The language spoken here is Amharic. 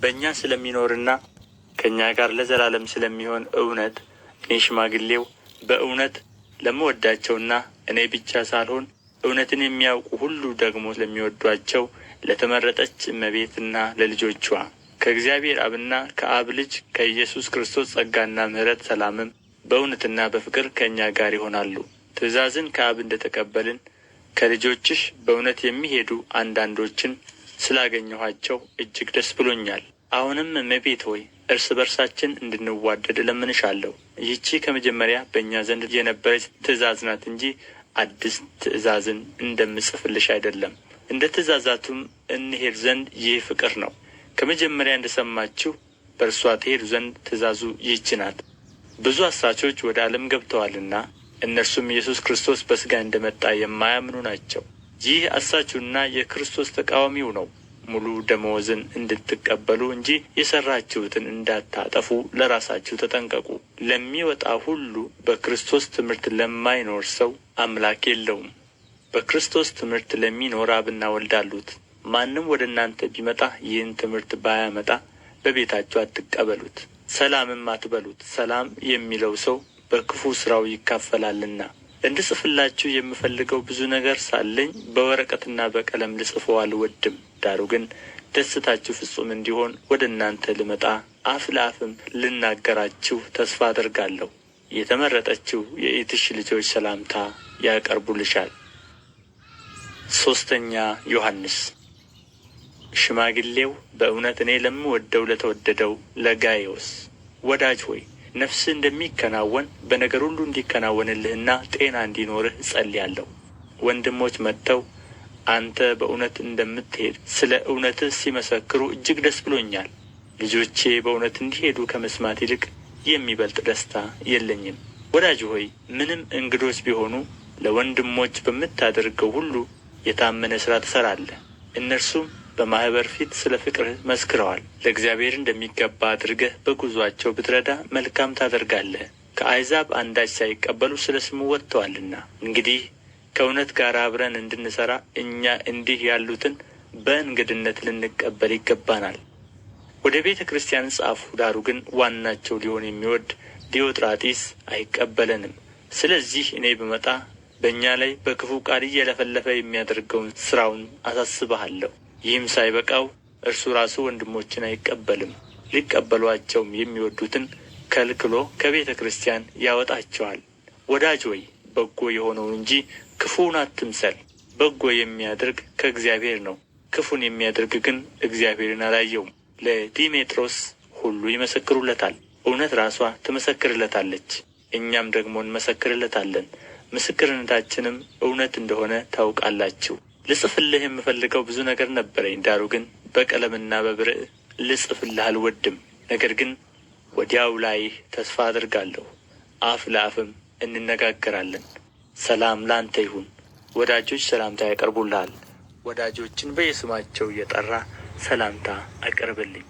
በእኛ ስለሚኖርና ከእኛ ጋር ለዘላለም ስለሚሆን እውነት እኔ ሽማግሌው በእውነት ለምወዳቸውና እኔ ብቻ ሳልሆን እውነትን የሚያውቁ ሁሉ ደግሞ ለሚወዷቸው ለተመረጠች እመቤትና ለልጆቿ ከእግዚአብሔር አብና ከአብ ልጅ ከኢየሱስ ክርስቶስ ጸጋና ምሕረት ሰላምም በእውነትና በፍቅር ከእኛ ጋር ይሆናሉ። ትእዛዝን ከአብ እንደ ተቀበልን ከልጆችሽ በእውነት የሚሄዱ አንዳንዶችን ስላገኘኋቸው እጅግ ደስ ብሎኛል። አሁንም እመቤት ሆይ እርስ በርሳችን እንድንዋደድ እለምንሻለሁ። ይህቺ ከመጀመሪያ በእኛ ዘንድ የነበረች ትእዛዝ ናት እንጂ አዲስ ትእዛዝን እንደምጽፍልሽ አይደለም። እንደ ትእዛዛቱም እንሄድ ዘንድ ይህ ፍቅር ነው። ከመጀመሪያ እንደሰማችሁ በእርሷ ትሄዱ ዘንድ ትእዛዙ ይህች ናት። ብዙ አሳቾች ወደ ዓለም ገብተዋልና እነርሱም ኢየሱስ ክርስቶስ በሥጋ እንደመጣ የማያምኑ ናቸው። ይህ አሳችሁና የክርስቶስ ተቃዋሚው ነው ሙሉ ደመወዝን እንድትቀበሉ እንጂ የሠራችሁትን እንዳታጠፉ ለራሳችሁ ተጠንቀቁ። ለሚወጣ ሁሉ በክርስቶስ ትምህርት ለማይኖር ሰው አምላክ የለውም። በክርስቶስ ትምህርት ለሚኖር አብና ወልድ አሉት። ማንም ወደ እናንተ ቢመጣ ይህን ትምህርት ባያመጣ በቤታችሁ አትቀበሉት፣ ሰላምም አትበሉት። ሰላም የሚለው ሰው በክፉ ሥራው ይካፈላልና እንድጽፍላችሁ የምፈልገው ብዙ ነገር ሳለኝ በወረቀትና በቀለም ልጽፈው አልወድም። ዳሩ ግን ደስታችሁ ፍጹም እንዲሆን ወደ እናንተ ልመጣ አፍ ለአፍም ልናገራችሁ ተስፋ አደርጋለሁ። የተመረጠችው የኢትሽ ልጆች ሰላምታ ያቀርቡልሻል። ሦስተኛ ዮሐንስ ሽማግሌው በእውነት እኔ ለምወደው ለተወደደው ለጋይዮስ ወዳጅ ሆይ ነፍስህ እንደሚከናወን በነገር ሁሉ እንዲከናወንልህና ጤና እንዲኖርህ እጸልያለሁ። ወንድሞች መጥተው አንተ በእውነት እንደምትሄድ ስለ እውነትህ ሲመሰክሩ እጅግ ደስ ብሎኛል። ልጆቼ በእውነት እንዲሄዱ ከመስማት ይልቅ የሚበልጥ ደስታ የለኝም። ወዳጅ ሆይ ምንም እንግዶች ቢሆኑ ለወንድሞች በምታደርገው ሁሉ የታመነ ሥራ ትሠራለህ። እነርሱም በማኅበር ፊት ስለ ፍቅርህ መስክረዋል። ለእግዚአብሔር እንደሚገባ አድርገህ በጉዞአቸው ብትረዳ መልካም ታደርጋለህ። ከአሕዛብ አንዳች ሳይቀበሉ ስለ ስሙ ወጥተዋልና። እንግዲህ ከእውነት ጋር አብረን እንድንሠራ እኛ እንዲህ ያሉትን በእንግድነት ልንቀበል ይገባናል። ወደ ቤተ ክርስቲያን ጻፉ፣ ዳሩ ግን ዋናቸው ሊሆን የሚወድ ዲዮጥራጢስ አይቀበለንም። ስለዚህ እኔ ብመጣ በእኛ ላይ በክፉ ቃል እየለፈለፈ የሚያደርገውን ሥራውን አሳስበሃለሁ። ይህም ሳይበቃው እርሱ ራሱ ወንድሞችን አይቀበልም፣ ሊቀበሏቸውም የሚወዱትን ከልክሎ ከቤተ ክርስቲያን ያወጣቸዋል። ወዳጅ ወይ በጎ የሆነውን እንጂ ክፉውን አትምሰል። በጎ የሚያደርግ ከእግዚአብሔር ነው፣ ክፉን የሚያደርግ ግን እግዚአብሔርን አላየውም። ለዲሜጥሮስ ሁሉ ይመሰክሩለታል፣ እውነት ራሷ ትመሰክርለታለች፣ እኛም ደግሞ እንመሰክርለታለን፣ ምስክርነታችንም እውነት እንደሆነ ታውቃላችሁ። ልጽፍልህ የምፈልገው ብዙ ነገር ነበረኝ፣ ዳሩ ግን በቀለምና በብርዕ ልጽፍልህ አልወድም። ነገር ግን ወዲያው ላይህ ተስፋ አድርጋለሁ፣ አፍ ለአፍም እንነጋገራለን። ሰላም ላንተ ይሁን። ወዳጆች ሰላምታ ያቀርቡልሃል። ወዳጆችን በየስማቸው እየጠራ ሰላምታ አቅርብልኝ።